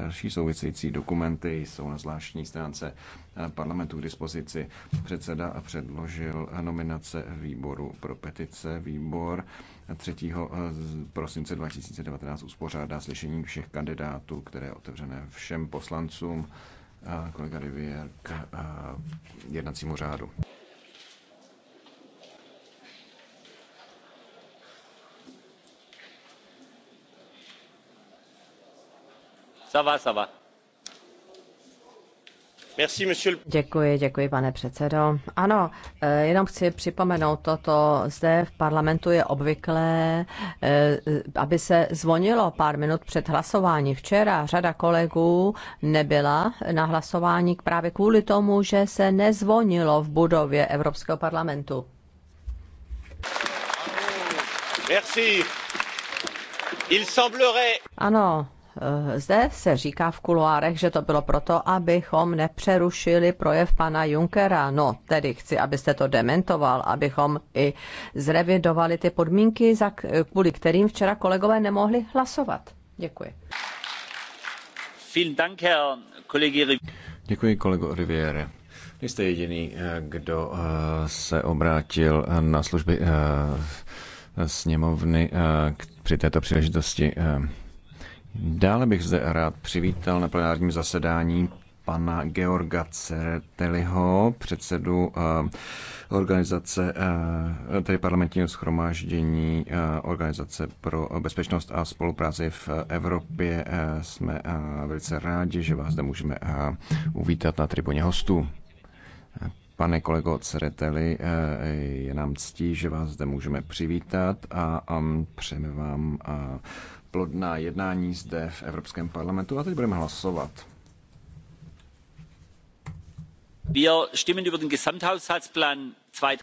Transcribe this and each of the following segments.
Další související dokumenty jsou na zvláštní stránce parlamentu k dispozici. Předseda předložil nominace výboru pro petice. Výbor 3. prosince 2019 uspořádá slyšení všech kandidátů, které je otevřené všem poslancům. Kolega Rivier k jednacímu řádu. Děkuji, děkuji, pane předsedající Ano, eh, jenom chci připomenout toto. Zde v parlamentu je obvyklé, eh, aby se zvonilo pár minut před hlasování. Včera řada kolegů nebyla na hlasování právě kvůli tomu, že se nezvonilo v budově Evropského parlamentu. Merci. Il semblerait... Ano, Eh, zde se říká v kuloárech, že to bylo proto, abychom nepřerušili projev pana Junkera. No, tedy chci, abyste to dementoval, abychom i zrevidovali ty podmínky, kvůli kterým včera kolegové nemohli hlasovat. Děkuji. Děkuji, kolego Riviere. Nejste jediný, eh, kdo eh, se obrátil na služby sněmovny při této příležitosti. Dále bych zde rád přivítal na plenárním zasedání pana Georga Cereteliho, předsedu eh, organizace, eh, tedy parlamentního schromáždění eh, Organizace pro bezpečnost a spolupráci v Evropě. Jsme velice rádi, že vás zde můžeme uvítat na tribuně hostů. Pane kolego Cereteli, eh, je nám ctí, že vás zde můžeme přivítat a přejeme vám eh, plodná jednání zde v Evropském parlamentu. A teď budeme hlasovat.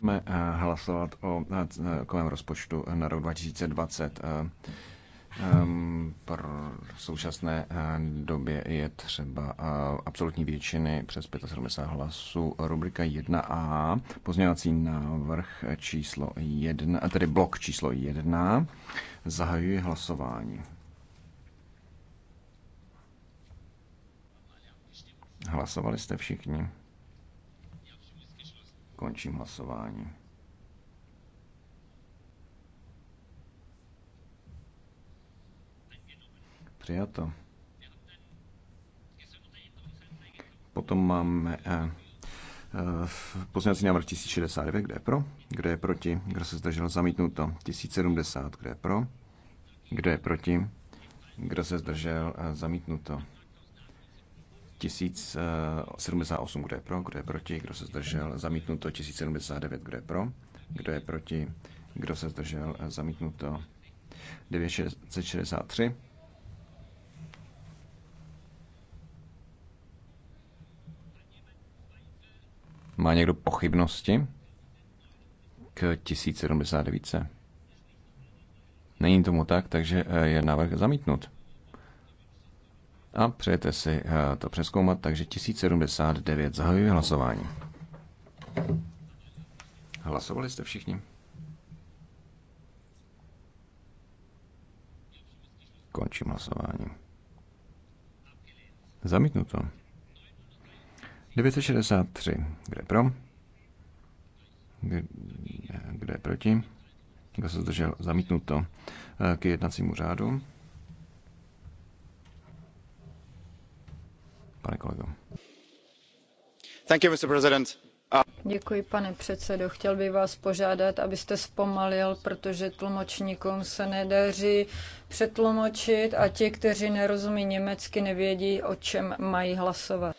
Budeme eh, Hlasovat o celkovém rozpočtu na rok 2020. Um, pro současné eh, době je třeba uh, absolutní většiny přes 75 hlasů. Rubrika 1a, pozměňovací návrh číslo 1, eh, tedy blok číslo 1, zahajuje hlasování. Hlasovali jste všichni? Končím hlasování. Přijato. Potom máme eh, eh, pozměňovací návrh 1069, kde je pro, kde je proti, kdo se zdržel zamítnuto, 1070, kde je pro, kde je proti, kdo se zdržel zamítnuto, 1078, kde je pro, kdo je proti, kdo se zdržel zamítnuto, 1079, kde eh, je pro, kdo je proti, kdo se zdržel zamítnuto, 963, Má někdo pochybnosti k 1079? Není tomu tak, takže eh, je návrh zamítnut. A přejete si eh, to přeskoumat, takže 1079 zahajuje hlasování. Hlasovali jste všichni? Končím hlasování. Zamítnuto. to. 963. Kde pro? Kde proti? Kdo se zdržel? Zamítnuto. Eh, k jednacímu řádu. Pane kolego. Thank you, Mr. President. Uh, Děkuji, pane předsedo. Chtěl bych vás požádat, abyste zpomalil, protože tlumočníkům se nedaří přetlumočit a ti, kteří nerozumí německy, nevědí, o čem mají hlasovat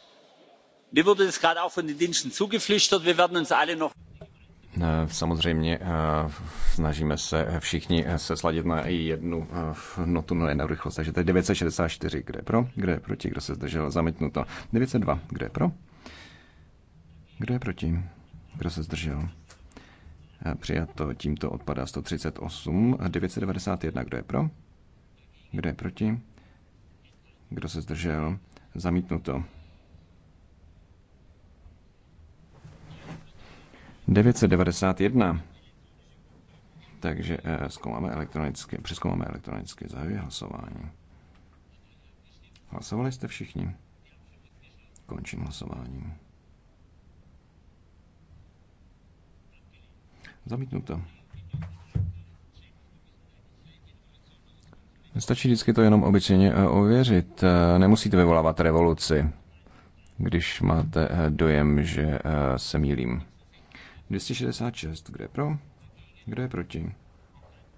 wurde das gerade auch von den Diensten zugeflüstert. Wir werden uns alle noch eh, Samozřejmě eh, snažíme se všichni eh, se sladit na jednu notu na no, jednu rychlost. Takže to je 964, kde je pro, kde je proti, kdo se zdržel, zamítnuto. 902, kde je pro, kdo je proti, kdo se zdržel. Přijato tímto odpadá 138, 991, kdo je pro, kdo je proti, kdo se zdržel, zamítnuto. 991. Takže eh, zkoumáme elektronicky, přeskoumáme elektronicky, zahajuje hlasování. Hlasovali jste všichni? Končím hlasování. Zamítnuto. Stačí vždycky to jenom obyčejně eh, ověřit. Eh, nemusíte vyvolávat revoluci, když máte dojem, že se mýlím. 266, kdo je pro? Kdo je proti?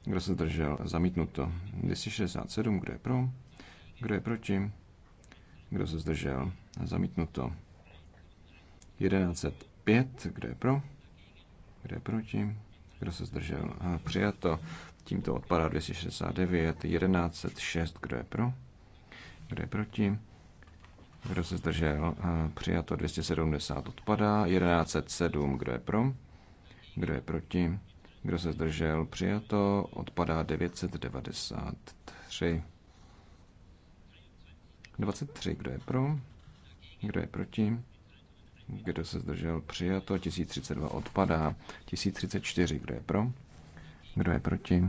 Kdo se zdržel? Zamítnuto. 267, kdo je pro? Kdo je proti? Kdo se zdržel? Zamítnuto. 1105, kdo je pro? Kdo je proti? Kdo se zdržel? Eh, přijato. Tímto odpadá 269, 1106, kdo je pro? Kdo je proti? Kdo se zdržel? Eh, přijato 270 odpadá. 1107. Kdo je pro? Kdo je proti? Kdo se zdržel? Přijato odpadá 993. 23. Kdo je pro? Kdo je proti? Kdo se zdržel? Přijato 1032 odpadá. 1034. Kdo je pro? Kdo je proti?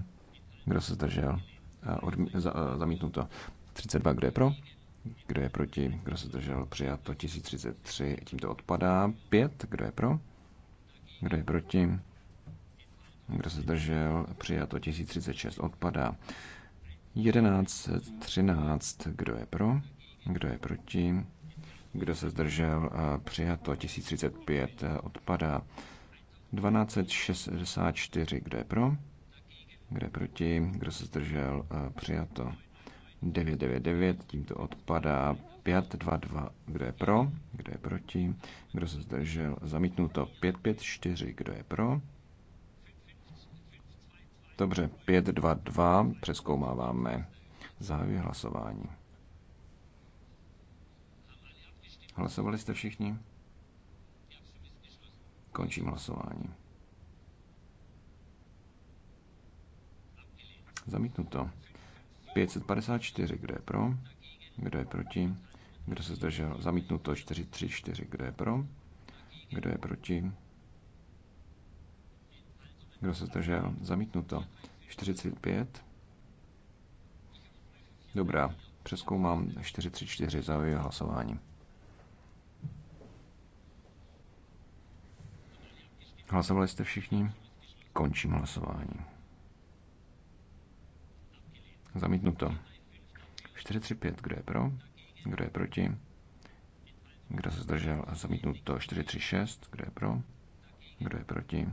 Kdo se zdržel? Eh, Odmí- za- eh, zamítnuto. 32. Kdo je pro? Kdo je proti? Kdo se zdržel? Přijato 1033. Tímto odpadá. 5. Kdo je pro? Kdo je proti? Kdo se zdržel? Přijato 1036. Odpadá. 11. 13. Kdo je pro? Kdo je proti? Kdo se zdržel? Přijato 1035. Odpadá. 1264. Kdo je pro? Kdo je proti? Kdo se zdržel? Přijato. 999, tímto odpadá 522, kdo je pro, kdo je proti, kdo se zdržel, zamítnuto 554, kdo je pro. Dobře, 522 přeskoumáváme. závěr hlasování. Hlasovali jste všichni? Končím hlasování. Zamítnuto. 554, kdo je pro, kdo je proti, kdo se zdržel, zamítnuto 434, kdo je pro, kdo je proti, kdo se zdržel, zamítnuto 45. Dobrá, přeskoumám 434, zahajuji hlasování. Hlasovali jste všichni? Končím hlasování. Zamítnuto. 435, kdo je pro? Kdo je proti? Kdo se zdržel? Zamítnuto. 436, kdo je pro? Kdo je proti?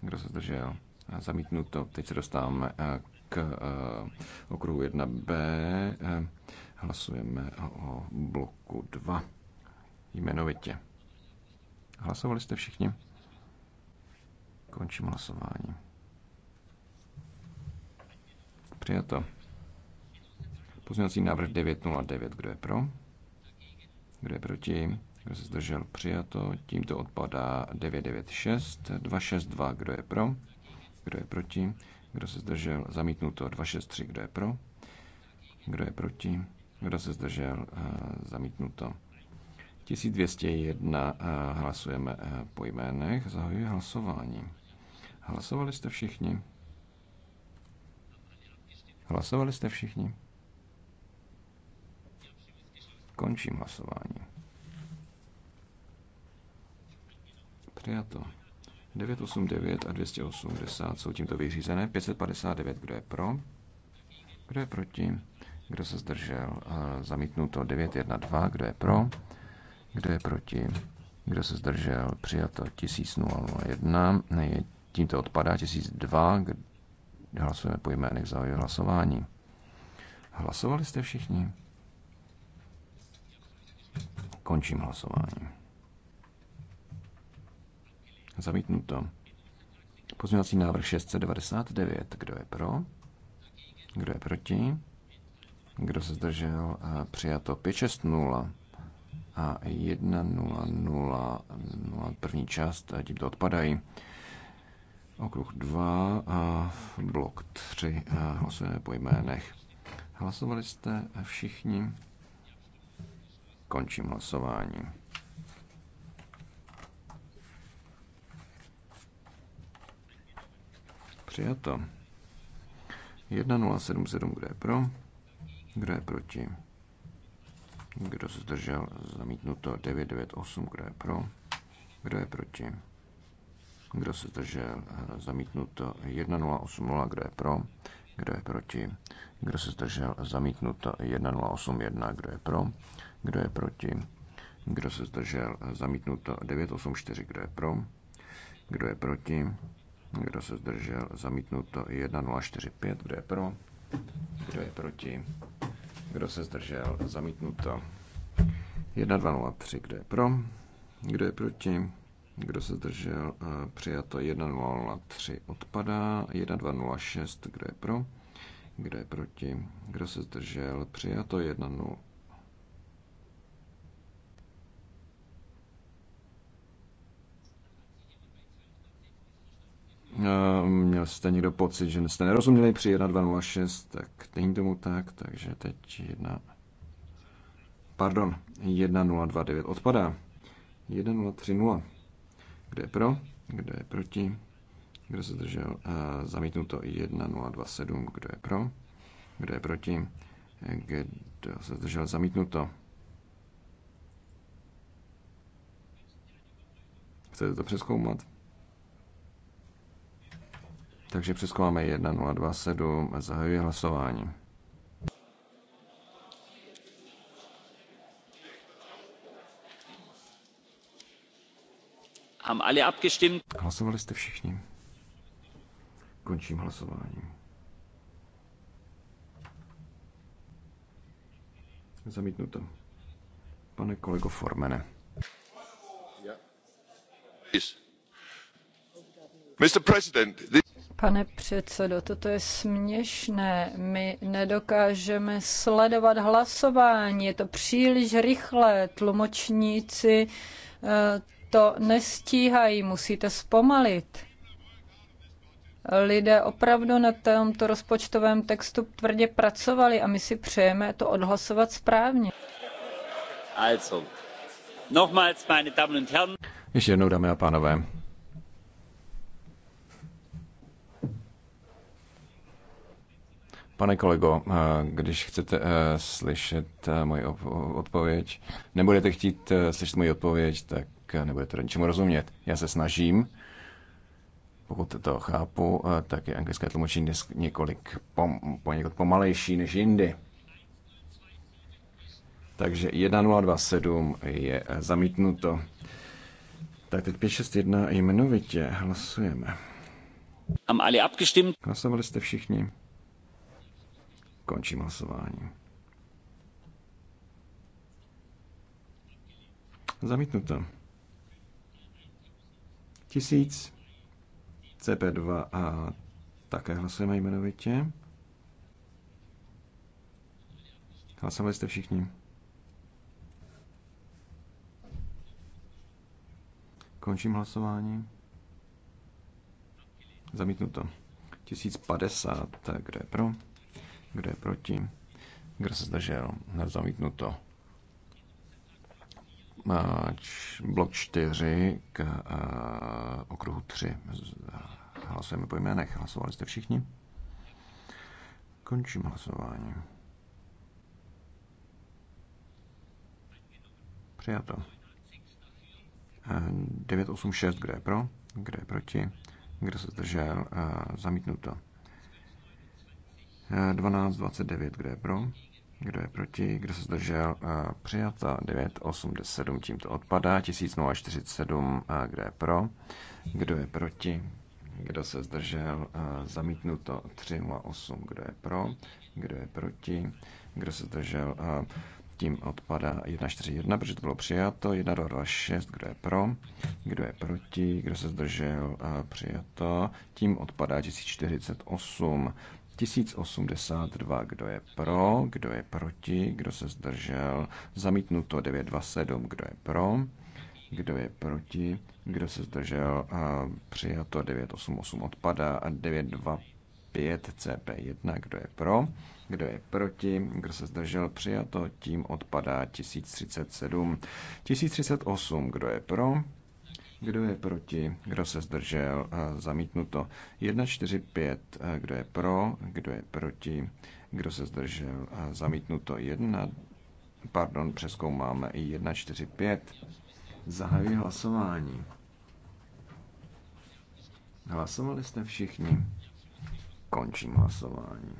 Kdo se zdržel? Zamítnuto. Teď se dostáváme eh, k eh, okruhu 1b. Eh, hlasujeme o bloku 2 jmenovitě. Hlasovali jste všichni? Končím hlasování. Přijato. Pozměňovací návrh 909, kdo je pro? Kdo je proti? Kdo se zdržel? Přijato. Tímto odpadá 996. 262, kdo je pro? Kdo je proti? Kdo se zdržel? Zamítnuto 263, kdo je pro? Kdo je proti? Kdo se zdržel? Eh, zamítnuto. 1201 eh, hlasujeme eh, po jménech. Zahajuji hlasování. Hlasovali jste všichni? Hlasovali jste všichni? Končím hlasování. Přijato. 989 a 280 jsou tímto vyřízené. 559, kdo je pro? Kdo je proti? Kdo se zdržel? Eh, zamítnuto 912, kdo je pro? Kdo je proti? Kdo se zdržel? Přijato 1001. Tímto odpadá 1002. Hlasujeme po jménech za hlasování. Hlasovali jste všichni? Končím hlasování. Zamítnuto. Pozměňovací návrh 699. Kdo je pro? Kdo je proti? Kdo se zdržel? Přijato 560 a 1.0.0 první část, tímto odpadají. Okruh 2 a blok 3 hlasujeme po jménech. Hlasovali jste všichni? Končím hlasování. Přijato. 1077, kdo je pro? Kdo je proti? Kdo se zdržel? Zamítnuto 998, kdo je pro? Kdo je proti? Kdo se zdržel? Zamítnuto 1080, kdo je pro? Kdo je proti? Kdo se zdržel? Zamítnuto 1081, kdo je pro? Kdo je proti? Kdo se zdržel? Zamítnuto 984. Kdo je pro? Kdo je proti? Kdo se zdržel? Zamítnuto 1045. Kdo je pro? Kdo je proti? Kdo se zdržel? Zamítnuto 1203. Eh, Kdo je pro? Kdo je proti? Kdo se zdržel? Přijato 1003 odpadá. 1206. Kdo je pro? Kdo je proti? Kdo se zdržel? Přijato 10. Eh, měl jste někdo pocit, že jste nerozuměli při 1.206, tak není tomu tak, takže teď 1... Pardon, 1.029 odpadá. 1.030. Kde je pro? Kde je proti? Kdo se držel? Zamítnuto 1.027. Kdo je pro? Kdo je proti? Kdo se držel? Eh, zamítnuto. Chcete to přeskoumat? Takže přeskoumáme 1027, zahajuji hlasování. Haben alle abgestimmt? Hlasovali jste všichni. Končím hlasování. Zamítnuto. Pane kolego Formene. Mr. President, this... Pane předsedo, toto je směšné. My nedokážeme sledovat hlasování. Je to příliš rychlé. Tlumočníci eh, to nestíhají. Musíte zpomalit. Lidé opravdu na tomto rozpočtovém textu tvrdě pracovali a my si přejeme to odhlasovat správně. Also. Nochmals, meine Damen und Herren. Ještě jednou, dámy a pánové. Pane kolego, eh, když chcete eh, slyšet eh, moji odpověď, nebudete chtít slyšet moji odpověď, tak nebudete ničemu rozumět. Já se snažím, pokud to chápu, tak je anglické tlumočení dnes několik pom, poněkud pomalejší než jindy. Takže 1027 je zamítnuto. Tak teď 561 jmenovitě hlasujeme. Hlasovali jste všichni. Končím hlasování. Zamítnuto. Tisíc. CP2 a také hlasujeme jmenovitě. Hlasovali jste všichni. Končím hlasování. Zamítnuto. 1050, tak kde je pro? Kdo je proti? Kdo se zdržel? Zamítnuto. Blok 4 k okruhu 3. Hlasujeme po jménech. Hlasovali jste všichni? Končím hlasování. Přijato. 986, kdo je pro, Kdo je proti, kdo se zdržel, zamítnuto. 1229, kdo je pro, kdo je proti, kdo se zdržel, eh, přijata 987, tímto odpadá, 1047, eh, kdo je pro, kdo je proti, kdo se zdržel, eh, zamítnuto 308, kdo je pro, kdo je proti, kdo se zdržel, tím odpadá 1,41, protože to bylo přijato, 126, kdo je pro, kdo je proti, kdo se zdržel, přijato, tím odpadá 1048, 1082. Kdo je pro? Kdo je proti? Kdo se zdržel? Zamítnuto 927. Kdo je pro? Kdo je proti? Kdo se zdržel? Přijato 988 odpada a 925 CP1. Kdo je pro? Kdo je proti? Kdo se zdržel? Přijato. Tím odpadá 1037. 1038. Kdo je pro? Kdo je proti? Kdo se zdržel? Eh, zamítnuto. 1, 4, 5. Kdo je pro? Kdo je proti? Kdo se zdržel? Eh, zamítnuto. 1, pardon, přeskoumáme 1, 4, 5. Zahajuji hlasování. Hlasovali jste všichni. Končím hlasování.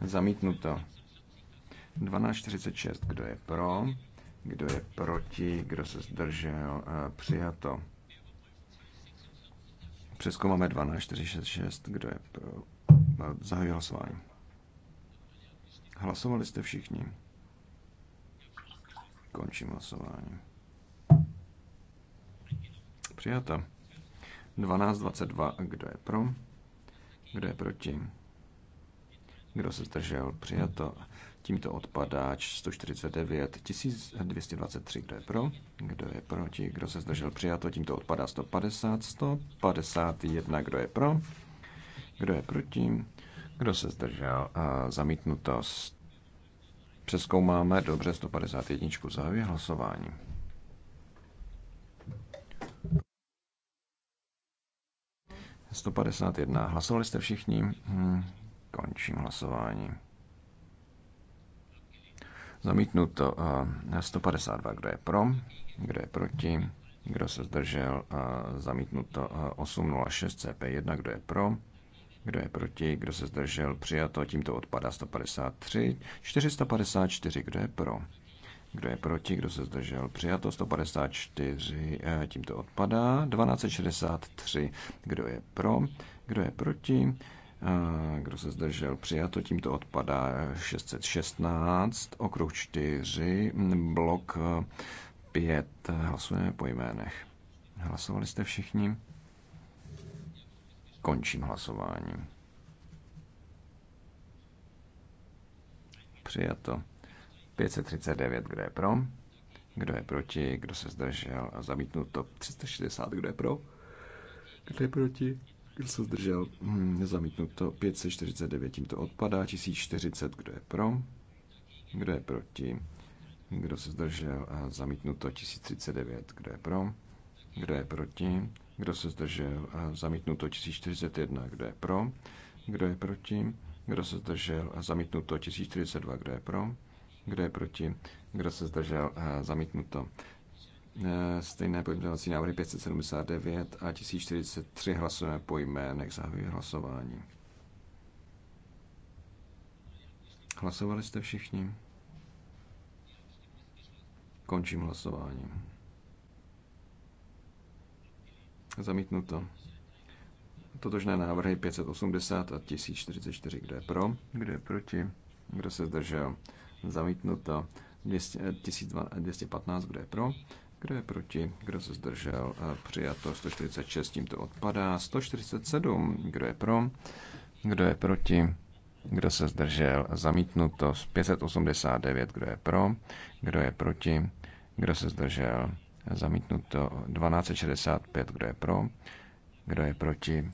Zamítnuto. 12.46. Kdo je pro? Kdo je proti? Kdo se zdržel? Eh, přijato. Přeskoumáme 6. Kdo je pro? Eh, zahajuji hlasování. Hlasovali jste všichni. Končím hlasování. Přijata. 12.22. Kdo je pro? Kdo je proti? Kdo se zdržel? Přijato. Tímto odpadá 149 223, kdo je pro, kdo je proti, kdo se zdržel přijato, tímto odpadá 150 151, kdo je pro, kdo je proti, kdo se zdržel a zamítnuto. Přeskoumáme dobře 151, za hlasování. jedna. Hlasovali jste všichni? Hmm. Končím hlasování. Zamítnuto 152, kdo je pro, kdo je proti, kdo se zdržel, zamítnuto 806 CP1, kdo je pro, kdo je proti, kdo se zdržel, přijato, tímto odpadá 153, 454, kdo je pro, kdo je proti, kdo se zdržel, přijato, 154, e, tímto odpadá, 1263, kdo je pro, kdo je proti, kdo se zdržel? Přijato. Tímto odpadá 616, okruh 4, blok 5. Hlasujeme po jménech. Hlasovali jste všichni? Končím hlasování. Přijato. 539, kdo je pro? Kdo je proti? Kdo se zdržel? Zamítnuto. 360, kdo je pro? Kdo je proti? Kdo se zdržel? Hmm, to 549, tím to odpadá. 1040, kdo je pro? Kdo je proti? Kdo se zdržel? Zamítnuto 1039, kdo je pro? Kdo je proti? Kdo se zdržel? Zamítnuto 1041, kdo je pro? Kdo je proti? Kdo se zdržel? Zamítnuto 1042, kdo je pro? Kdo je proti? Kdo se zdržel? Zamítnuto Eh, stejné pojmenovací návrhy 579 a 1043 hlasujeme po jménech. Zahajuji hlasování. Hlasovali jste všichni? Končím hlasování. Zamítnuto. Totožné návrhy 580 a 1044. Kdo je pro? Kdo je proti? Kdo se zdržel? Zamítnuto. 200, 1215. Eh, Kdo je pro? Kdo je proti? Kdo se zdržel? Přijato 146, tím to odpadá. 147, kdo je pro? Kdo je proti? Kdo se zdržel? Zamítnuto 589, kdo je pro? Kdo je proti? Kdo se zdržel? Zamítnuto 1265, kdo je pro? Kdo je proti?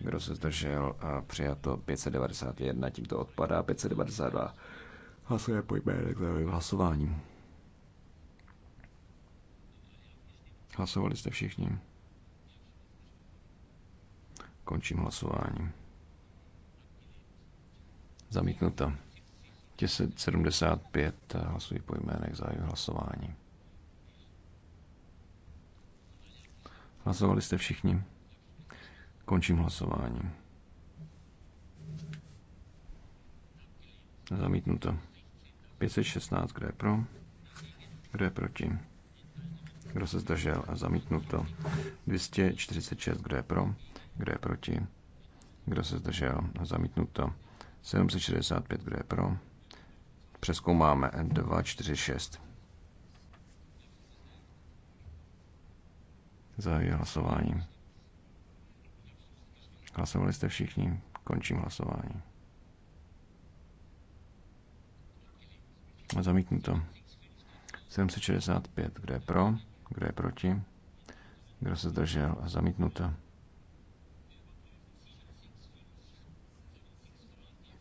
Kdo se zdržel? Přijato 591, tím to odpadá. 592 hlasuje po jménech hlasování. Hlasovali jste všichni. Končím hlasování. Zamítnuto. 1075 eh, hlasují po jménech za hlasování. Hlasovali jste všichni. Končím hlasování. Zamítnuto. 516, kdo je pro? Kdo je proti? Kdo se zdržel? to 246. Kdo je pro? Kdo je proti? Kdo se zdržel? to 765. Kdo je pro? Přeskoumáme. 246. Zahajuji hlasování. Hlasovali jste všichni? Končím hlasování. zamítnu to 765, kdo je pro, kdo je proti? Kdo se zdržel? Zamítnuto.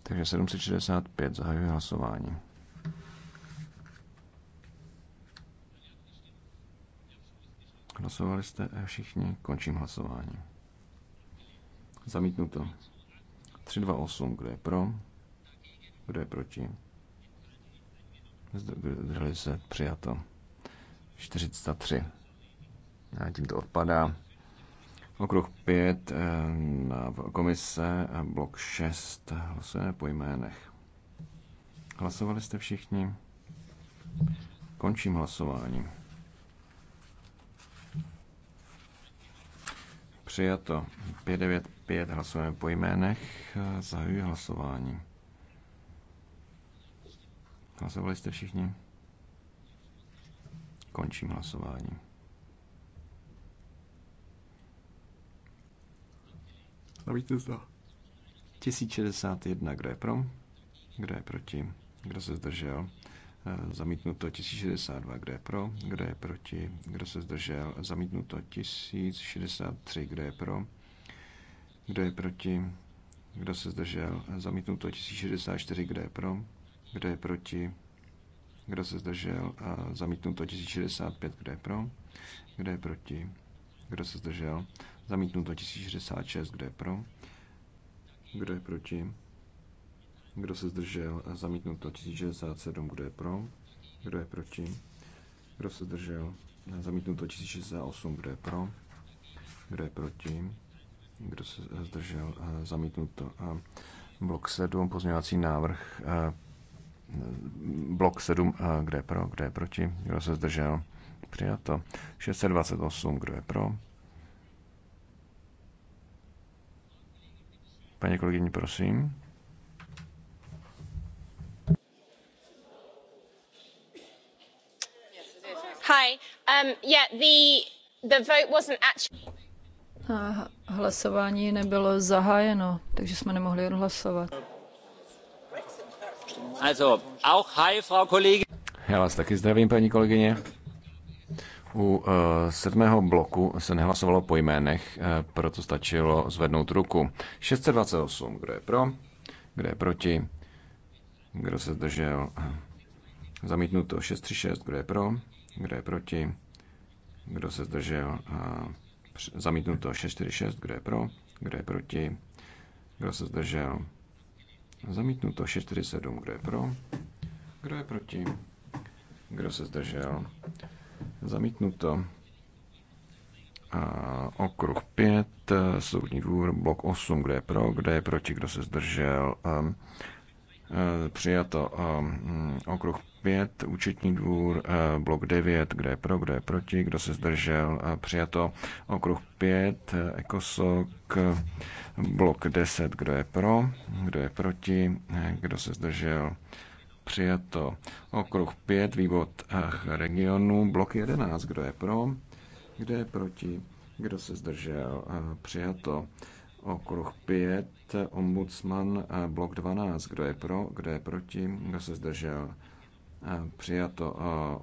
Takže 765 zahajuje hlasování. Hlasovali jste eh, všichni, končím hlasování. Zamítnuto. 328, kdo je pro, kdo je proti. Zdrželi se, přijato. 43. A tím to odpadá. Okruh 5 eh, na komise, blok 6, hlasujeme po jménech. Hlasovali jste všichni? Končím hlasování. Přijato 595, hlasujeme po jménech, zahajuji hlasování. Hlasovali jste všichni? Končím hlasování. A vítězda. 1061, eh, kdo je pro? Kdo je proti? Kdo se zdržel? Zamítnuto 1062, kdo je pro? Kdo je proti? Kdo se zdržel? Zamítnuto 1063, kdo je pro? Kdo je proti? Kdo se zdržel? Zamítnuto 1064, kdo je pro? Kdo je proti? Kdo se zdržel? Zamítnuto 1065. Kdo je pro? Kdo je proti? Kdo se zdržel? Zamítnuto 1066. Kdo je pro? Kdo je proti? Kdo se zdržel? Zamítnuto 1067. Kdo je pro? Kdo je proti? Kdo se zdržel? Zamítnuto 1068. Kdo je pro? Kdo je proti? Kdo se zdržel? Zamítnuto. Blok 7, pozměňovací návrh blok 7, eh, kde je pro, kde je proti, kdo se zdržel, přijato. 628, kdo je pro. Paní kolegyně, prosím. Hi. Um, yeah, the, the vote wasn't actually... Hlasování nebylo zahájeno, takže jsme nemohli odhlasovat. Já vás taky zdravím, paní kolegyně. U uh, sedmého bloku se nehlasovalo po jménech, uh, proto stačilo zvednout ruku. 628, kdo je pro, kdo je proti, kdo se zdržel. Zamítnuto 636, kdo je pro, kdo je proti, kdo se zdržel. Uh, zamítnuto 646, kdo je pro, kdo je proti, kdo se zdržel. Zamítnuto 647. Kdo je pro? Kdo je proti? Kdo se zdržel? Zamítnuto. A okruh 5, soudní dvůr, blok 8, kde je pro, kde je proti, kdo se zdržel. A, ehm, a, ehm, přijato a, ehm, okruh 5, účetní dvůr, eh, blok 9, kde je pro, kde je proti, kdo se zdržel, přijato. Okruh 5, ekosok, blok 10, kdo je pro, kdo je proti, kdo se zdržel, eh, přijato. Okruh 5, vývod regionu, blok 11, kdo je pro, kde je proti, eh, kdo se zdržel, přijato okruh 5, ombudsman, blok 12. Kdo je pro, kdo je proti, kdo se zdržel? Přijato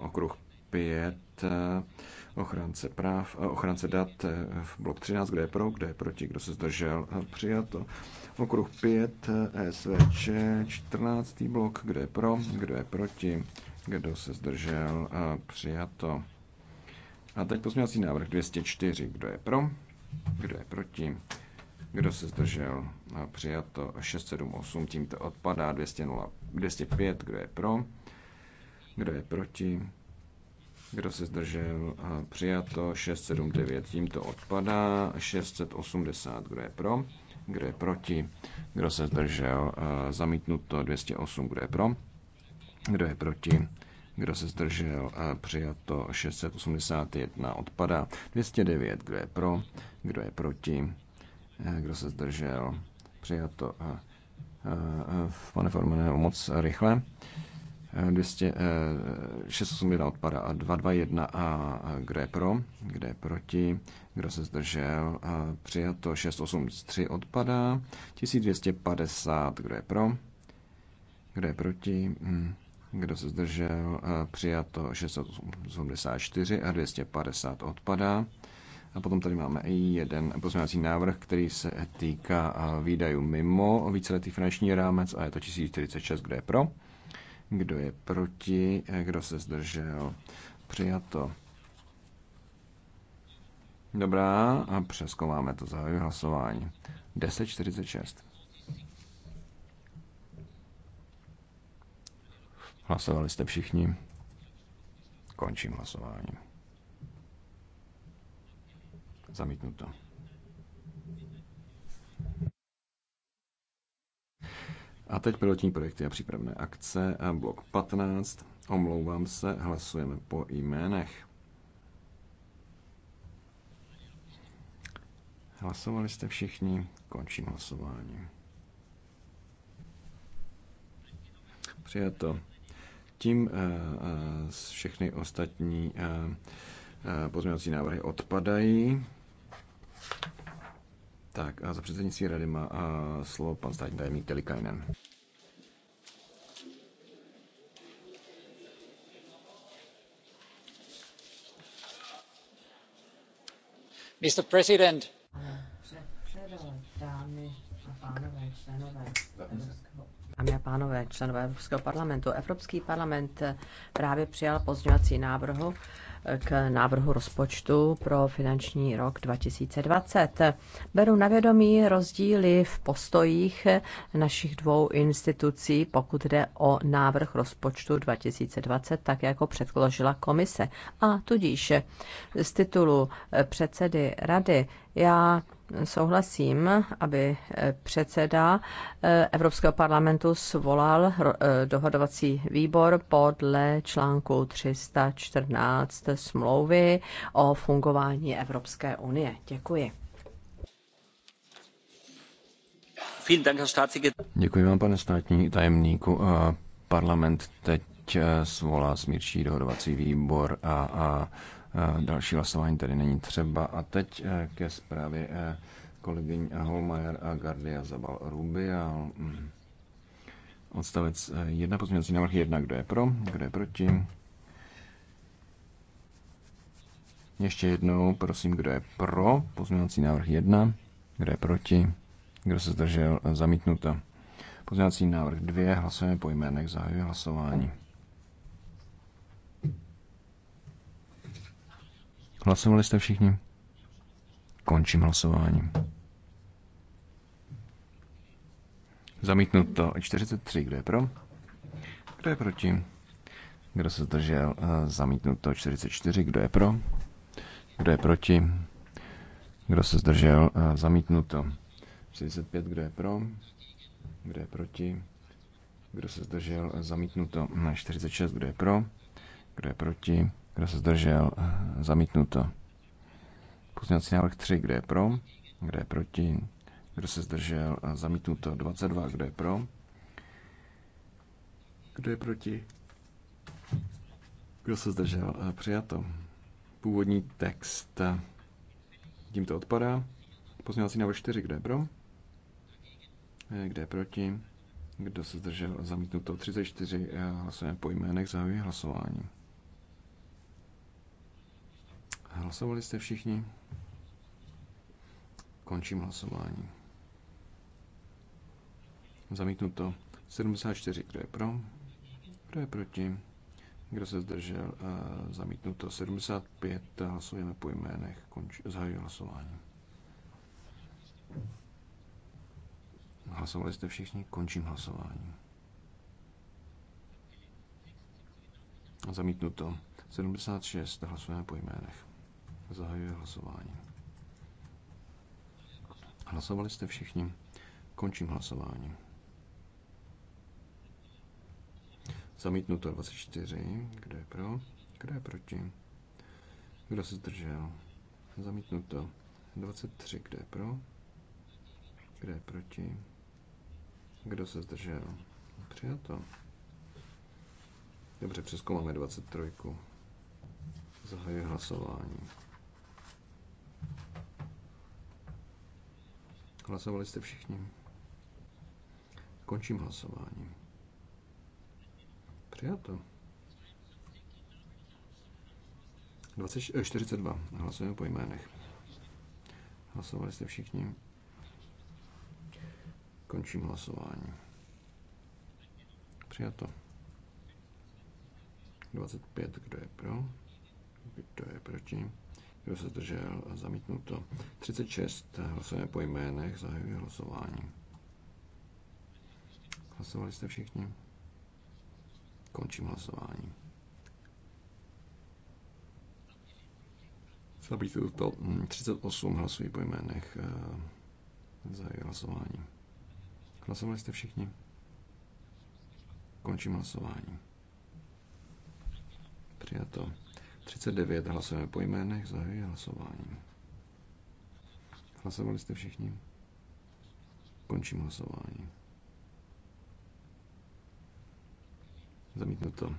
okruh 5, ochránce práv, ochránce dat, e, v blok 13, kde je pro, kde je proti, kdo se zdržel, přijato. Okruh 5, SVČ, 14. blok, kde je pro, kdo je proti, kdo se zdržel, přijato. A teď pozměňovací návrh 204, kdo je pro, kdo je proti, kdo se zdržel, přijato 678, tímto odpadá 200, 205, kdo je pro, kdo je proti? Kdo se zdržel? Přijato 679, tím to odpadá 680. Kdo je pro? Kdo je proti? Kdo se zdržel? Zamítnuto 208. Kdo je pro? Kdo je proti? Kdo se zdržel? Přijato 681 odpadá. 209. Kdo je pro? Kdo je proti? Kdo se zdržel? Přijato. Pane Formene, moc rychle. 681 eh, eh, odpada a 221 a kdo je pro, kde je proti, kdo se zdržel, přijato 683 odpadá, 1250, kdo je pro, kdo je proti, kdo se zdržel, přijato 684 hmm. a 250 odpadá. A potom tady máme i jeden pozměňovací návrh, který se týká výdajů mimo víceletý finanční rámec a je to 1046, kde je pro kdo je proti? Eh, kdo se zdržel? Přijato. Dobrá, a přeskováme to za hlasování. 10.46. Hlasovali jste všichni. Končím hlasování. Zamítnuto. A teď pilotní projekty a přípravné akce, a blok 15. Omlouvám se, hlasujeme po jménech. Hlasovali jste všichni, končím hlasování. Přijato. Tím eh, eh, všechny ostatní eh, pozměňovací návrhy odpadají. Tak a za předsednictví rady má slovo pan státní tajemník Delikajnen. Mr. President. pánové, členové Dámy a pánové, členové Evropského parlamentu, Evropský parlament právě přijal pozměňovací návrhu, k návrhu rozpočtu pro finanční rok 2020. Beru na vědomí rozdíly v postojích našich dvou institucí, pokud jde o návrh rozpočtu 2020, tak jako předložila komise. A tudíž z titulu předsedy rady já souhlasím, aby eh, předseda eh, Evropského parlamentu svolal eh, dohodovací výbor podle článku 314 smlouvy o fungování Evropské unie. Děkuji. Děkuji vám, pane státní tajemníku. Parlament teď svolá smírčí dohodovací výbor a, a Další hlasování tady není třeba. A teď eh, ke zprávě eh, kolegyň Holmajer a Gardia Zabal a mm. Odstavec eh, jedna pozměnací návrh jedna, kdo je pro, kdo je proti. Ještě jednou, prosím, kdo je pro pozměnací návrh 1, kdo je proti, kdo se zdržel, zamítnuto. Pozměnací návrh 2, hlasujeme po jménech, zahajuje hlasování. Hlasovali jste všichni? Končím hlasování. Zamítnuto 43. Kdo je pro? Kdo je proti? Kdo se zdržel? Eh, zamítnuto 44. Kdo je pro? Kdo je proti? Kdo se zdržel? Eh, zamítnuto 45. Kdo je pro? Kdo je proti? Kdo se zdržel? Eh, zamítnuto 46. Kdo je pro? Kdo je proti? Kdo se zdržel? Zamítnuto. Pozměňovací návrh 3, kde je pro? Kde je proti? Kdo se zdržel? Zamítnuto. 22, kde je pro? Kdo je proti? Kdo se zdržel? Přijato. Původní text. to odpadá. Pozměňovací návrh 4, kde je pro? Kde je proti? Kdo se zdržel? Zamítnuto. 34. Hlasujeme po jménech. Zahajuji hlasování. Hlasovali jste všichni? Končím hlasování. Zamítnuto 74. Kdo je pro? Kdo je proti? Kdo se zdržel? Eh, zamítnuto 75. Hlasujeme po jménech. Zahajuji hlasování. Hlasovali jste všichni? Končím hlasování. Zamítnuto 76. Hlasujeme po jménech. Zahajuji hlasování. Hlasovali jste všichni? Končím hlasování. Zamítnuto 24. Kdo je pro? Kdo je proti? Kdo se zdržel? Zamítnuto 23. Kdo je pro? Kdo je proti? Kdo se zdržel? Přijato. Dobře, přeskoumáme 23. Zahajuji hlasování. Hlasovali jste všichni. Končím hlasování. Přijato. 20, 42. Eh, Hlasujeme po jménech. Hlasovali jste všichni. Končím hlasování. Přijato. 25. Kdo je pro? Kdo je proti? Kdo se zdržel? Zamítnuto. 36. Hlasujeme po jménech. Zahajuji hlasování. Hlasovali jste všichni? Končím hlasování. Zabítu to 38 hlasují po jménech za hlasování. Hlasovali jste všichni? Končím hlasování. Přijato. 39 hlasujeme po jménech, zahajuji hlasování. Hlasovali jste všichni? Končím hlasování. Zamítnuto.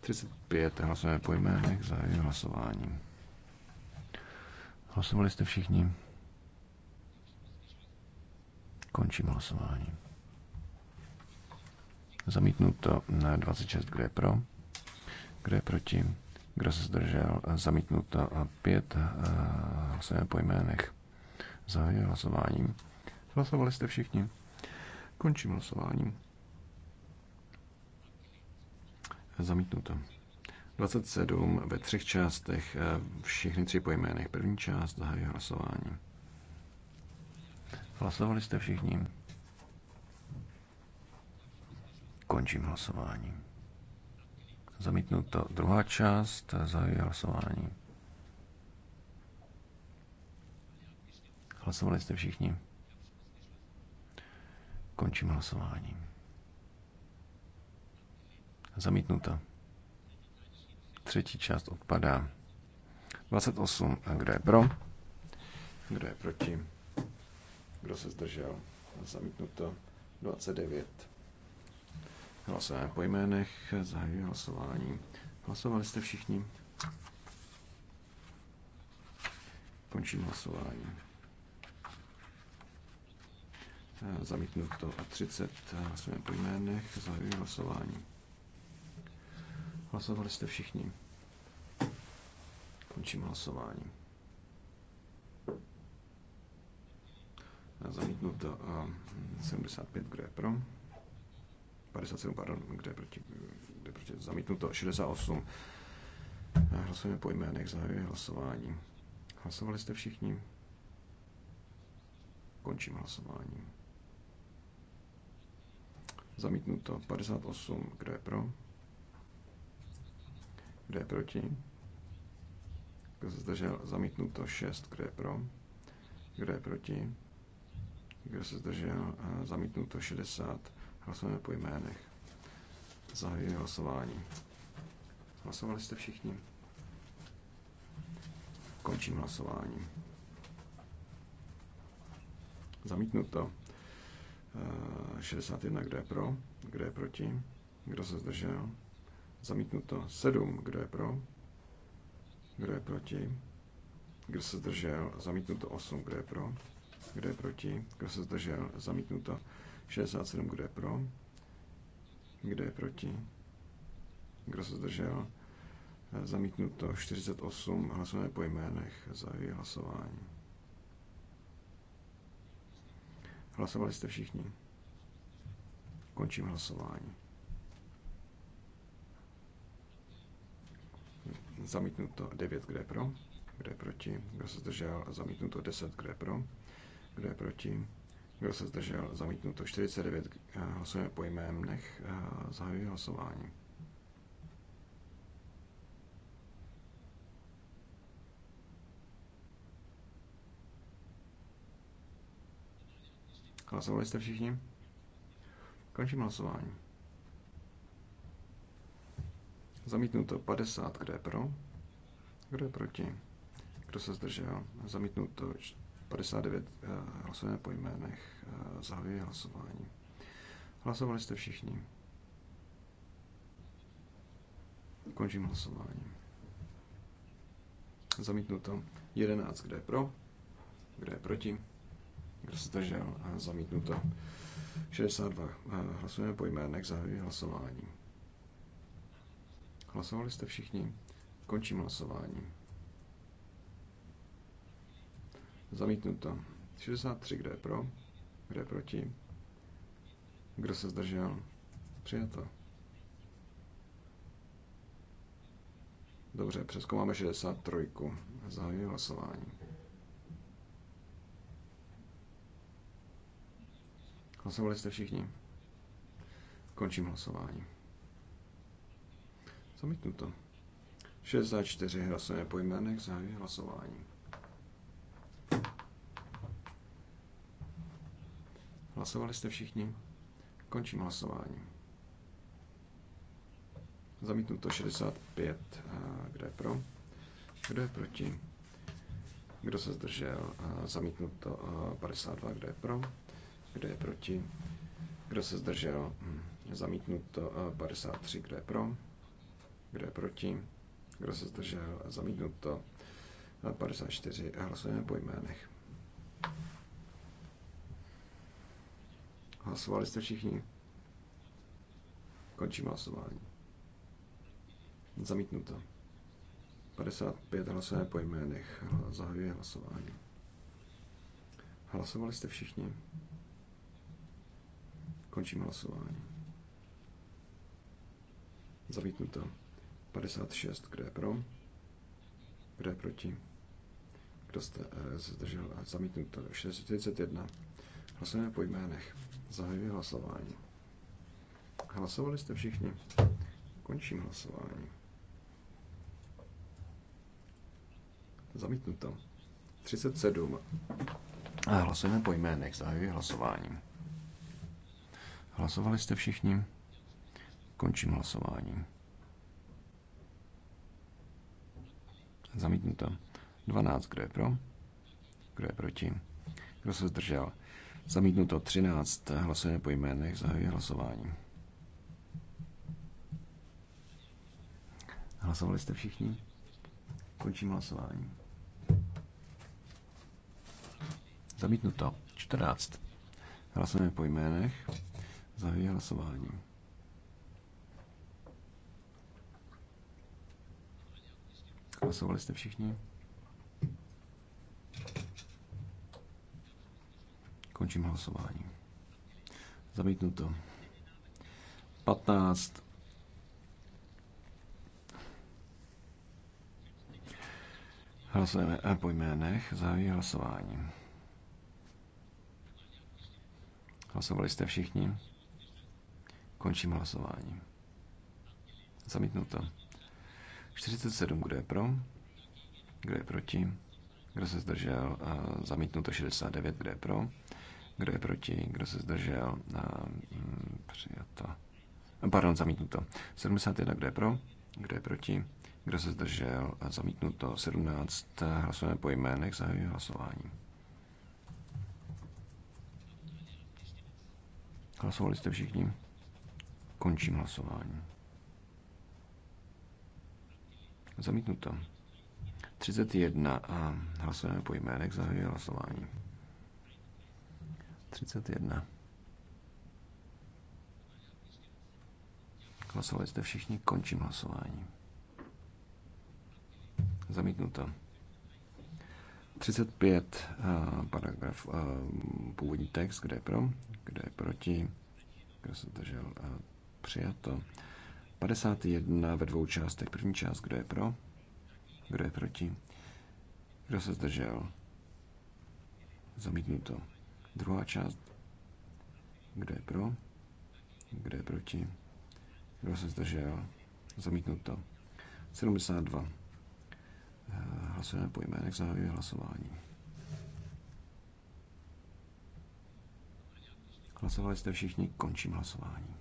35 hlasujeme po jménech, zahajuji hlasování. Hlasovali jste všichni? Končím hlasování. Zamítnuto na 26, kdo je pro, kdo je proti kdo se zdržel? Eh, zamítnuto. Pět. Eh, hlasujeme po jménech. Zahajuji hlasováním. Hlasovali jste všichni. Končím hlasování. Zamítnuto. 27 ve třech částech, eh, všechny tři po jménech. První část zahajuje hlasování. Hlasovali jste všichni? Končím hlasování. Zamítnuto druhá část, zahajuji hlasování. Hlasovali jste všichni. Končím hlasování. Zamítnuto. Třetí část odpadá. 28. Kdo je pro? Kdo je proti? Kdo se zdržel? Zamítnuto. 29. Hlasujeme po jménech, zahajuji hlasování. Hlasovali jste všichni? Končím hlasování. to a 30. Hlasujeme po jménech, zahajuji hlasování. Hlasovali jste všichni? Končím hlasování. to a eh, 75, kdo je pro? 57, pardon, kde je proti, kde je proti zamítnuto, 68. Hlasujeme po jménech, zahajuje hlasování. Hlasovali jste všichni? Končím hlasování. Zamítnuto 58, kdo je pro? Kdo je proti? Kdo se zdržel? Zamítnuto 6, kdo je pro? Kdo je proti? Kdo se zdržel? Zamítnuto 60. Hlasujeme po jménech. Zahajuji hlasování. Hlasovali jste všichni? Končím hlasování. Zamítnuto. 61, eh, kdo je pro, kdo je proti, kdo se zdržel. Zamítnuto 7, kdo je pro, kdo je proti, kdo se zdržel. Zamítnuto 8, kdo je pro, kdo je proti, kdo se zdržel. Zamítnuto 67, kdo je pro, kdo je proti, kdo se zdržel, zamítnuto 48, hlasujeme po jménech, zahajuji hlasování. Hlasovali jste všichni. Končím hlasování. Zamítnuto 9, kdo je pro, Kdo je proti, kdo se zdržel, zamítnuto 10, kdo je pro, Kdo je proti, kdo se zdržel? Zamítnuto 49. Eh, hlasujeme po jménech. Eh, zahajuji hlasování. Hlasovali jste všichni? Končím hlasování. Zamítnuto 50. Kdo je pro? Kdo je proti? Kdo se zdržel? Zamítnuto 59 eh, eh, eh, hlasujeme po jménech. Zahajuji hlasování. Hlasovali jste všichni. Končím hlasování. Zamítnuto 11, kdo je pro, Kdo je proti, kdo se zdržel a zamítnuto 62. Hlasujeme po jménech, zahajuji hlasování. Hlasovali jste všichni. Končím hlasování. Zamítnuto. 63, kdo je pro? Kdo je proti? Kdo se zdržel? Přijato. Dobře, přeskoumáme 63. Zahajuji hlasování. Hlasovali jste všichni? Končím hlasování. Zamítnuto. 64 hlasujeme po jménech, zahajuji hlasování. Hlasovali jste všichni? Končím hlasování. Zamítnuto 65. Kdo je pro? Kdo je proti? Kdo se zdržel? Zamítnuto 52. Kdo je pro? Kdo je proti? Kdo se zdržel? Zamítnuto 53. Kdo je pro? Kdo je proti? Kdo se zdržel? Zamítnuto 54. Hlasujeme po jménech. Hlasovali jste všichni? Končím hlasování. Zamítnuto. 55 hlasujeme po jménech. Zahajuje hlasování. Hlasovali jste všichni? Končím hlasování. Zamítnuto. 56. Kdo je pro? Kdo je proti? kdo jste eh, se zdržel a zamítnuto. 41. Hlasujeme po jménech. Zahajuji hlasování. Hlasovali jste všichni. Končím hlasování. Zamítnuto. 37. A hlasujeme po jménech. Zahajuji hlasování. Hlasovali jste všichni. Končím hlasování. Zamítnuto. 12. Kdo je pro? Kdo je proti? Kdo se zdržel? Zamítnuto 13. Hlasujeme po jménech. Zahajuji hlasování. Hlasovali jste všichni? Končím hlasování. Zamítnuto 14. Hlasujeme po jménech. Zahajuji hlasování. Hlasovali jste všichni? Končím hlasování. Zamítnuto. 15. Hlasujeme eh, po jménech, zahajuji hlasování. Hlasovali jste všichni? Končím hlasování. Zamítnuto. 47, kdo je pro? Kdo je proti? Kdo se zdržel? Zamítnuto 69. Kdo je pro? Kdo je proti? Kdo se zdržel? Mm, přijato. Pardon, zamítnuto. 71. Kdo je pro? Kdo je proti? Kdo se zdržel? Zamítnuto 17. Hlasujeme po jménech. Zahajuji hlasování. Hlasovali jste všichni? Končím hlasování. Zamítnuto. 31 a hlasujeme po jménech, zahajuji hlasování. 31. Hlasovali jste všichni, končím hlasování. Zamítnuto. 35 eh, paragraf eh, původní text, kde je pro, kde je proti, kdo se držel eh, přijato. 51 ve dvou částech, první část, kdo je pro, kdo je proti? Kdo se zdržel? Zamítnuto. Druhá část. Kdo je pro? Kdo je proti? Kdo se zdržel? Zamítnuto. 72. Eh, hlasujeme po jménech, zahajuji hlasování. Hlasovali jste všichni, končím hlasování.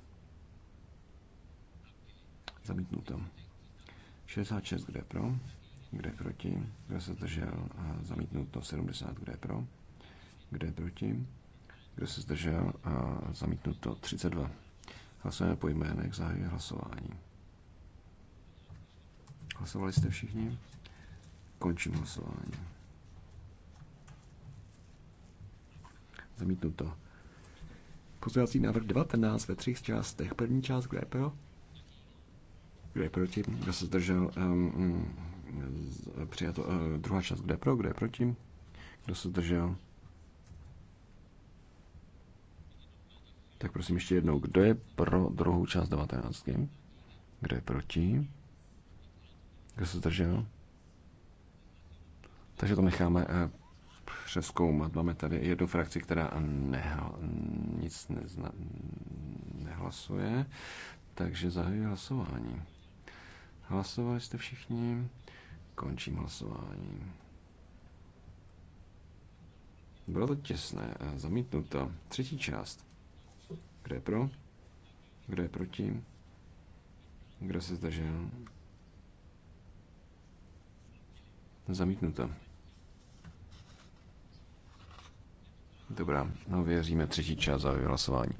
Zamítnuto. 66, kde pro, kdo je proti? Kdo se zdržel? A to 70. Kdo je pro? Kdo je proti? Kdo se zdržel? A to 32. Hlasujeme po jménech, zahajuje hlasování. Hlasovali jste všichni? Končím hlasování. to. Pozvědací návrh 19 ve třech částech. První část, kdo je pro? Kdo je proti? Kdo se zdržel? Um, um, přijato uh, druhá část, kde pro, kde proti, kdo se zdržel. Tak prosím ještě jednou, kdo je pro druhou část 19? Kdo je proti? Kdo se zdržel? Takže to necháme eh, přeskoumat. Máme tady jednu frakci, která nehla, nic nezna, nehlasuje, takže zahajuji hlasování. Hlasovali jste všichni, Končím hlasování. Bylo to těsné, zamítnuto. Třetí část. Kdo je pro? Kdo je proti? Kdo se zdržel? Zamítnuto. Dobrá, no věříme třetí část za vyhlasování.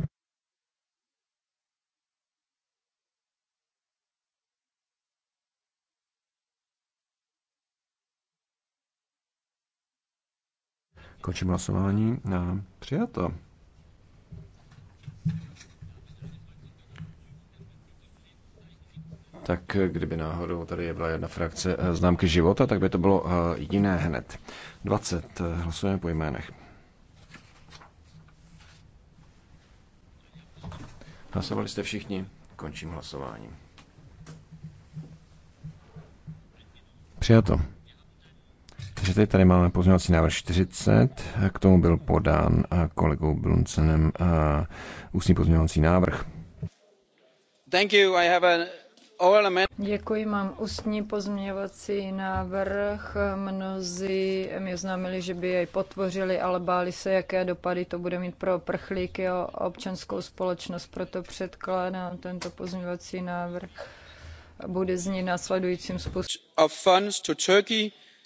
Končím hlasování. Na přijato. Tak kdyby náhodou tady je byla jedna frakce eh, známky života, tak by to bylo eh, jiné hned. 20. Eh, hlasujeme po jménech. Hlasovali jste všichni? Končím hlasování. Přijato. Takže tady máme pozměňovací návrh 40, k tomu byl podán eh, kolegou Bluncenem eh, ústní pozměňovací návrh. Thank you. I have an Děkuji, mám ústní pozměňovací návrh. Mnozí mi oznámili, že by jej potvořili, ale báli se, jaké dopady to bude mít pro prchlíky a občanskou společnost. Proto předkládám tento pozměňovací návrh. Bude znít následujícím způsobem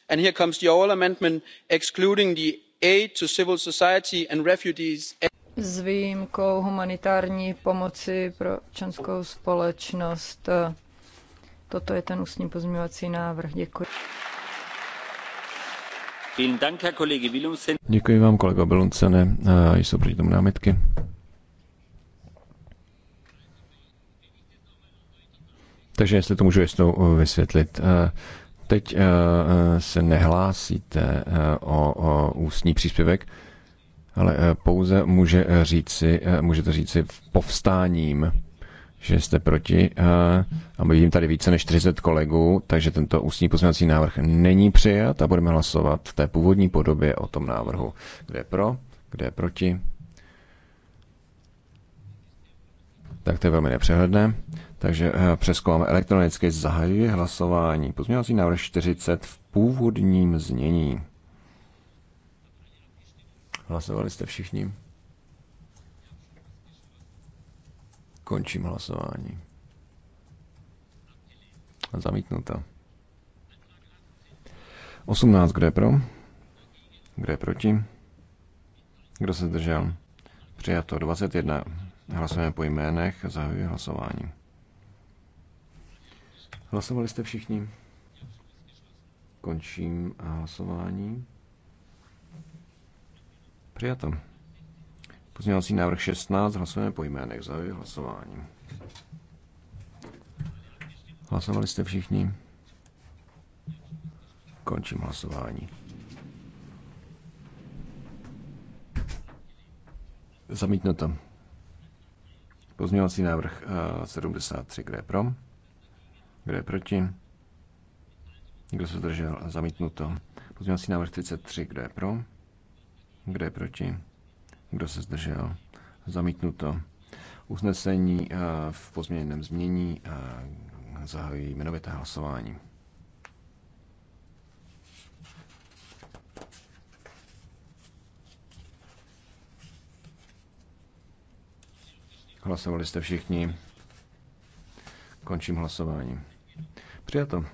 and here comes the oral amendment excluding the aid to civil society and refugees. s výjimkou humanitární pomoci pro občanskou společnost. Toto je ten ústní pozměňovací návrh. Děkuji. Děkuji vám, kolego Beluncene. E, jsou proti tomu námitky? Takže jestli to můžu ještě e, vysvětlit. E, teď eh, eh, se nehlásíte eh, o ústní příspěvek, ale pouze může říci, můžete říci povstáním, že jste proti. A my vidím tady více než 40 kolegů, takže tento ústní pozměňovací návrh není přijat a budeme hlasovat v té původní podobě o tom návrhu. Kde je pro, kde je proti. Tak to je velmi nepřehledné. Takže eh, přeskoumáme elektronicky. Zahajuji hlasování. Pozměňovací návrh 40 v původním znění. Hlasovali jste všichni? Končím hlasování. Zamítnuto. 18, kdo je pro? Kdo je proti? Kdo se zdržel? Přijato 21. Hlasujeme po jménech, zahajuji hlasování. Hlasovali jste všichni? Končím hlasování. Přijato. Pozměňovací návrh 16. Hlasujeme po jménech. Zahajuji hlasování. Hlasovali jste všichni? Končím hlasování. Zamítnuto. Pozměňovací návrh 73, eh, kde je pro? Kdo je proti? Kdo se zdržel? Zamítnuto. Pozměňovací návrh 33. Kdo je pro? Kdo je proti? Kdo se zdržel? Zamítnuto. Usnesení eh, v pozměněném změní eh, zahají jmenovité hlasování. Hlasovali jste všichni. Končím hlasování. Přijato.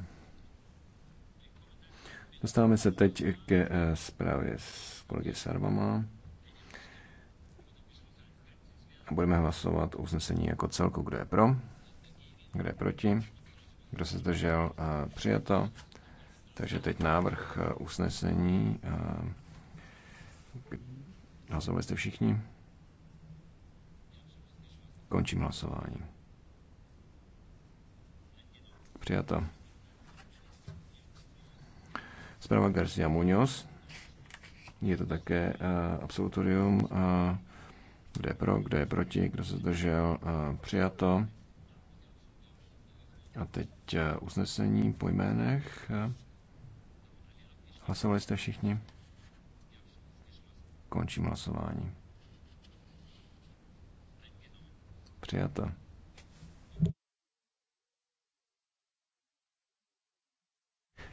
Dostáváme se teď ke eh, zprávě s kolegy Sarvama. Budeme hlasovat o usnesení jako celku. Kdo je pro? Kdo je proti? Kdo se zdržel? Eh, přijato. Takže teď návrh eh, usnesení. Hlasovali jste všichni? Končím hlasování. Přijato. Zpráva Garcia Muñoz. Je to také uh, absolutorium. Uh, eh, kdo je pro, kdo je proti, kdo se zdržel. Uh, přijato. A teď uh, usnesení po jménech. Uh, hlasovali jste všichni? Končím hlasování. Přijato.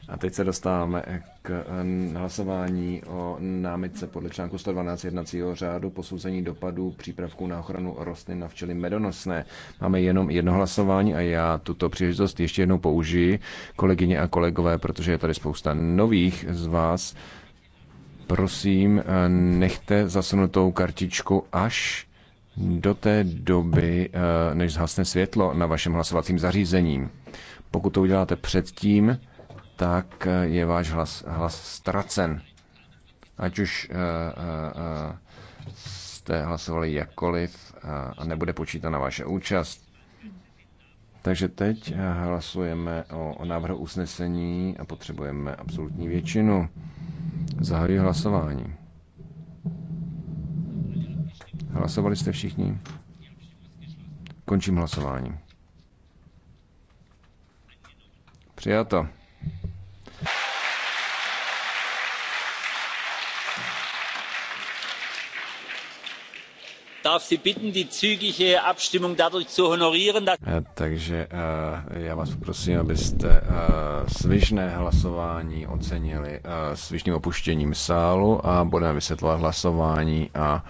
A teď se dostáváme k eh, hlasování o námitce podle článku 112 jednacího řádu posouzení dopadů přípravků na ochranu rostlin na včely medonosné. Máme jenom jedno hlasování a já tuto příležitost ještě jednou použiji, kolegyně a kolegové, protože je tady spousta nových z vás. Prosím, eh, nechte zasunutou kartičku až do té doby, eh, než zhasne světlo na vašem hlasovacím zařízením. Pokud to uděláte předtím, tak eh, je váš hlas, hlas ztracen. Ať už eh, eh, jste hlasovali jakkoliv a nebude počítána vaše účast. Takže teď hlasujeme o, o návrhu usnesení a potřebujeme absolutní většinu. Zahajuji hlasování. Hlasovali jste všichni? Končím hlasování. Přijato. Takže já vás poprosím, abyste eh, svižné hlasování ocenili eh, svižným opuštěním sálu a budeme vysvětlovat hlasování a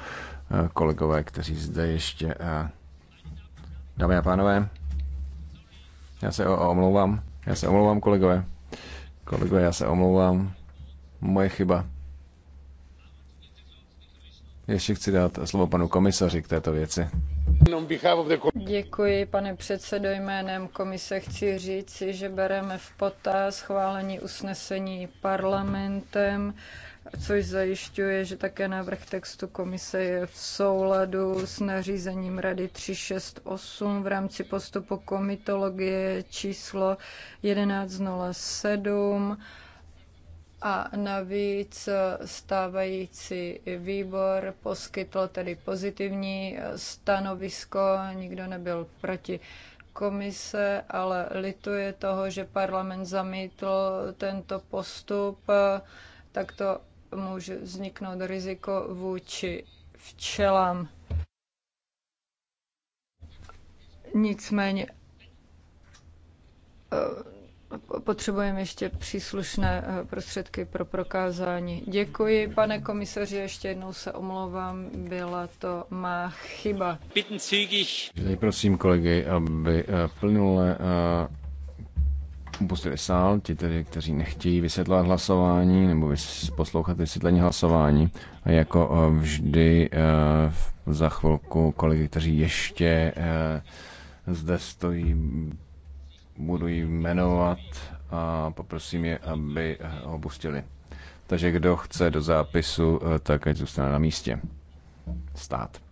eh, kolegové, kteří zde ještě... Dámy a pánové, já se omlouvám. Já se omlouvám, kolegové. Kolegové, já se omlouvám. Moje chyba. Ještě chci dát slovo panu komisaři k této věci. Děkuji, pane předsedo, jménem komise chci říct, že bereme v potaz schválení usnesení parlamentem, což zajišťuje, že také návrh textu komise je v souladu s nařízením Rady 368 v rámci postupu komitologie číslo 1107 a navíc eh, stávající výbor poskytl tedy pozitivní eh, stanovisko, nikdo nebyl proti komise, ale lituje toho, že parlament zamítl tento postup, eh, tak to může vzniknout riziko vůči včelám. Nicméně potřebujeme ještě příslušné eh, prostředky pro prokázání. Děkuji, pane komisaři, ještě jednou se omlouvám, byla to má chyba. Teď prosím kolegy, aby eh, plnule opustili eh, sál, ti tedy, kteří nechtějí vysvětlovat hlasování nebo poslouchat vysvětlení hlasování. A jako vždy za chvilku kolegy, kteří ještě zde stojí, budu jí jmenovat a poprosím je, aby ho pustili. Takže kdo chce do zápisu, eh, tak ať zůstane na místě. Stát.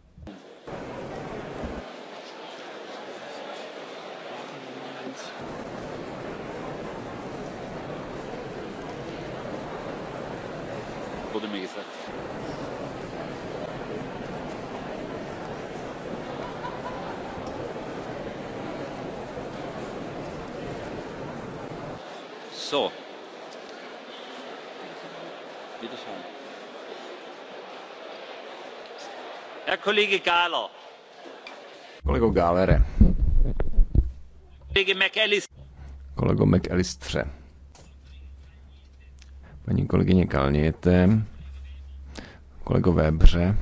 Kolego Gálere. Kolego McAllistře. Paní kolegyně kalniete Kolego webere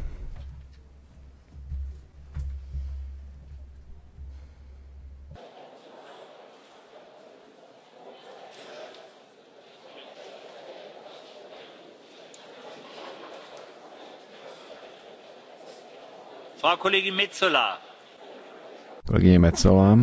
kolegy Metzola. Kolegyně Metzola.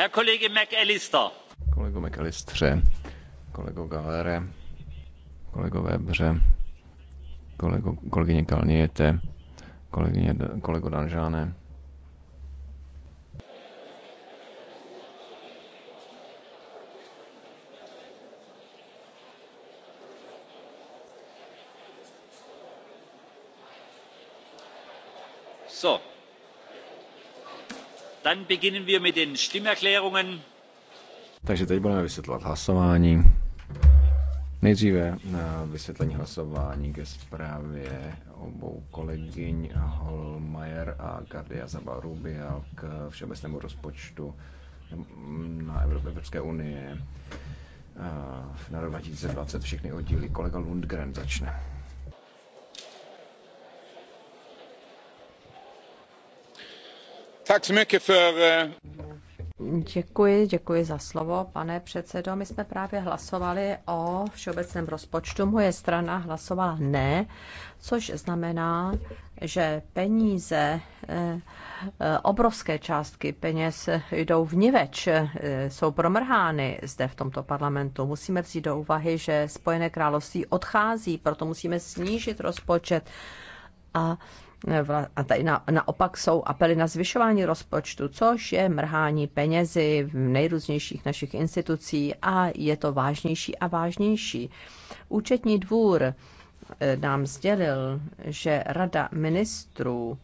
Herr Kollege McAllister. Kolego McAllistře, kolego Galere, kolegové Bře, kolego, kolegyně Kalniete, kolegyně, kolego Danžáne. So. Dann beginnen wir mit den Stimmerklärungen. Takže teď budeme vysvětlovat hlasování. Nejdříve na eh, vysvětlení hlasování ke zprávě obou kolegyň Holmajer a Gardia Zabarubial k všeobecnému rozpočtu mm, na Evropské unie eh, na rok 2020 všechny oddíly. Kolega Lundgren začne. Tak Děkuji, děkuji za slovo, pane předsedo. My jsme právě hlasovali o všeobecném rozpočtu. Moje strana hlasovala ne, což znamená, že peníze, eh, eh, obrovské částky peněz jdou v niveč, eh, jsou promrhány zde v tomto parlamentu. Musíme vzít do úvahy, že Spojené království odchází, proto musíme snížit rozpočet a a tady na, naopak jsou apely na zvyšování rozpočtu, což je mrhání penězi v nejrůznějších našich institucí a je to vážnější a vážnější. Účetní dvůr eh, nám sdělil, že Rada ministrů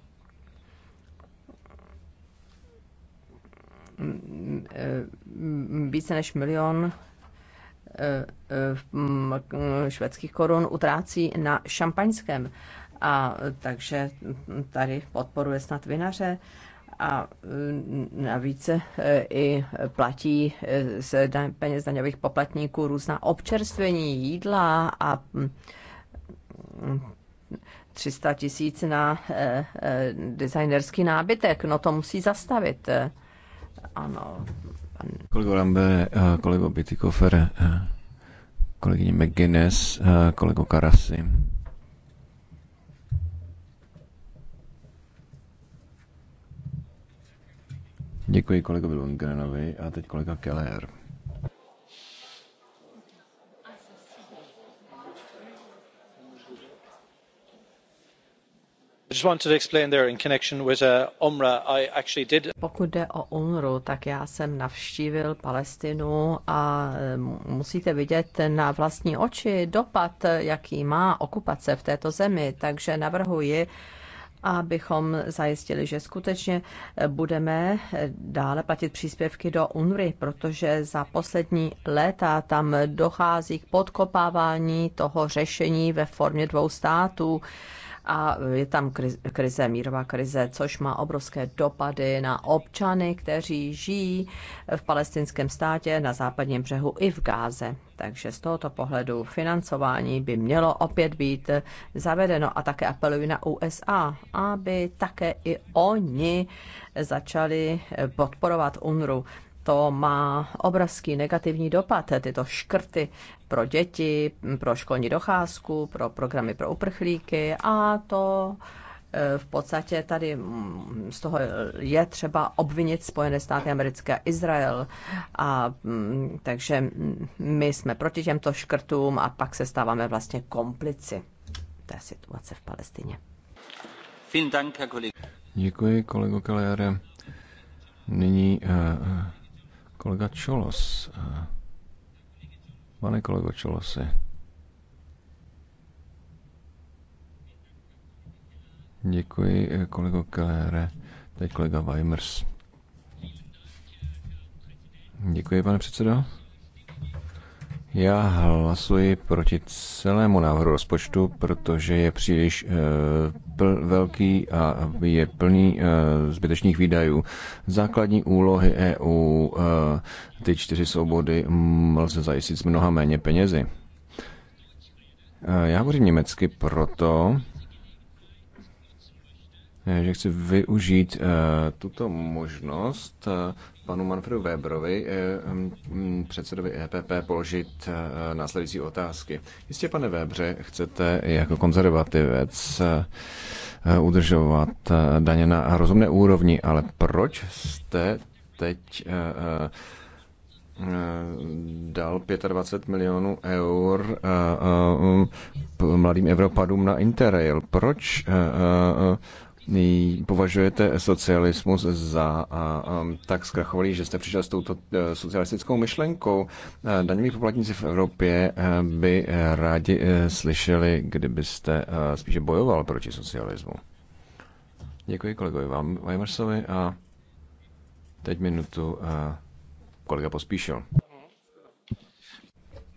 mm, eh, více než milion eh, mm, švédských korun utrácí na šampaňském a takže tady podporuje snad vinaře a navíc mm, e, i platí e, z peněz daňových poplatníků různá občerstvení jídla a 300 mm, tisíc na e, designerský nábytek. No to musí zastavit. Ano. Kolego Lambe, kolego Bitykofer, kolegyně McGuinness, kolego Karasi. Děkuji kolegovi Lundgrenovi a teď kolega Keller. Pokud jde o UNRU, tak já jsem navštívil Palestinu a eh, musíte vidět na vlastní oči dopad, jaký má okupace v této zemi. Takže navrhuji abychom zajistili, že skutečně budeme dále platit příspěvky do UNRY, protože za poslední léta tam dochází k podkopávání toho řešení ve formě dvou států a je tam krize, mírová krize, což má obrovské dopady na občany, kteří žijí v palestinském státě na západním břehu i v Gáze. Takže z tohoto pohledu financování by mělo opět být zavedeno a také apeluji na USA, aby také i oni začali podporovat UNRU to má obrovský negativní dopad, tyto škrty pro děti, pro školní docházku, pro programy pro uprchlíky a to e, v podstatě tady z toho je třeba obvinit Spojené státy americké a Izrael. A, takže my jsme proti těmto škrtům a pak se stáváme vlastně komplici té situace v Palestině. Děkuji, kolego Kaliare. Nyní uh, Kolega Čolos. Eh, pane kolego Čolose. Děkuji, eh, kolego Kellere. Teď kolega Weimers. Děkuji, pane předsedo. Já hlasuji proti celému návrhu rozpočtu, protože je příliš eh, pl, velký a je plný eh, zbytečných výdajů. Základní úlohy EU, eh, ty čtyři svobody, lze zajistit s mnoha méně penězi. Eh, já hovořím německy proto, Eh, že chci využít eh, tuto možnost eh, panu Manfredu Weberovi, hm, hm, předsedovi EPP, položit následující otázky. Jistě, pane Webře, chcete jako konzervativec udržovat daně na rozumné úrovni, ale proč jste teď dal 25 milionů eur hm, mladým Evropadům na Interrail. Proč Považujete socialismus za a, a, tak zkrachovalý, že jste přišel s touto e, socialistickou myšlenkou? E, daňoví poplatníci v Evropě e, by rádi slyšeli, kdybyste spíše bojoval proti socialismu. Děkuji kolegovi vám, Weimersovi a teď minutu kolega pospíšil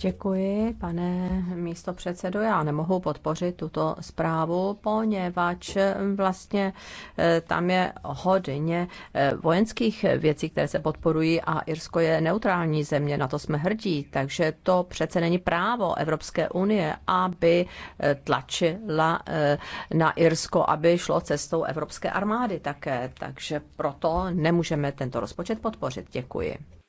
Děkuji, pane místo předsedo. Já nemohu podpořit tuto zprávu, poněvadž eh, vlastně eh, tam je hodně eh, vojenských věcí, které se podporují a Irsko je neutrální země, na to jsme hrdí, takže to přece není právo Evropské unie, aby tlačila na Irsko, aby šlo cestou Evropské armády také, takže proto nemůžeme tento rozpočet podpořit. Děkuji.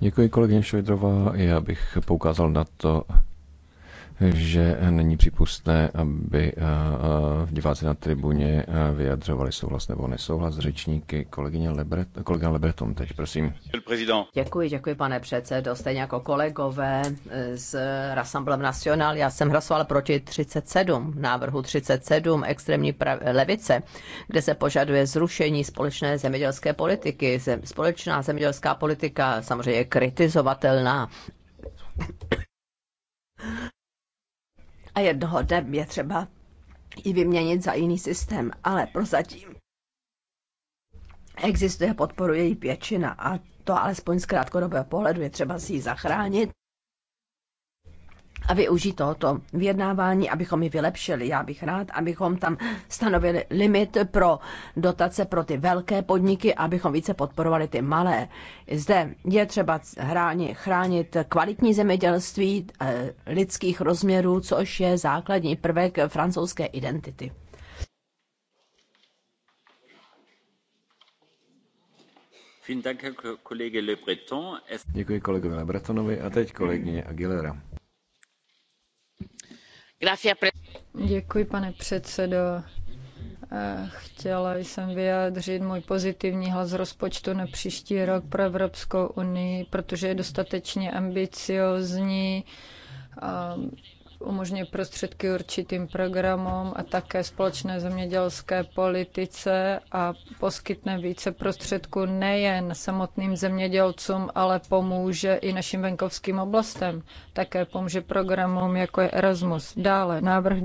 Děkuji kolegyně Šojdrová. Já bych poukázal na to, že není přípustné, aby eh, eh, diváci na tribuně eh, vyjadřovali souhlas nebo nesouhlas řečníky. Kolegyně Lebret, kolega Lebreton teď, prosím. Děkuji, děkuji, pane předsedo. Stejně jako kolegové z Rassemblem National, já jsem hlasoval proti 37, návrhu 37 extrémní levice, kde se požaduje zrušení společné zemědělské politiky. společná zemědělská politika samozřejmě je kritizovatelná a jednoho dne je třeba i vyměnit za jiný systém, ale prozatím existuje podporu její většina a to alespoň z krátkodobého pohledu je třeba si ji zachránit a využít tohoto vyjednávání, abychom ji vylepšili. Já bych rád, abychom tam stanovili limit pro dotace pro ty velké podniky, abychom více podporovali ty malé. Zde je třeba chránit kvalitní zemědělství eh, lidských rozměrů, což je základní prvek francouzské identity. Děkuji kolegovi Bretonovi a teď kolegyně Aguilera. Děkuji, pane předsedající eh, Chtěla jsem vyjádřit můj pozitivní hlas rozpočtu na příští rok pro Evropskou unii, protože je dostatečně ambiciozní eh, umožňuje prostředky určitým programům a také společné zemědělské politice a poskytne více prostředků nejen samotným zemědělcům, ale pomůže i našim venkovským oblastem. Také pomůže programům jako je Erasmus. Dále návrh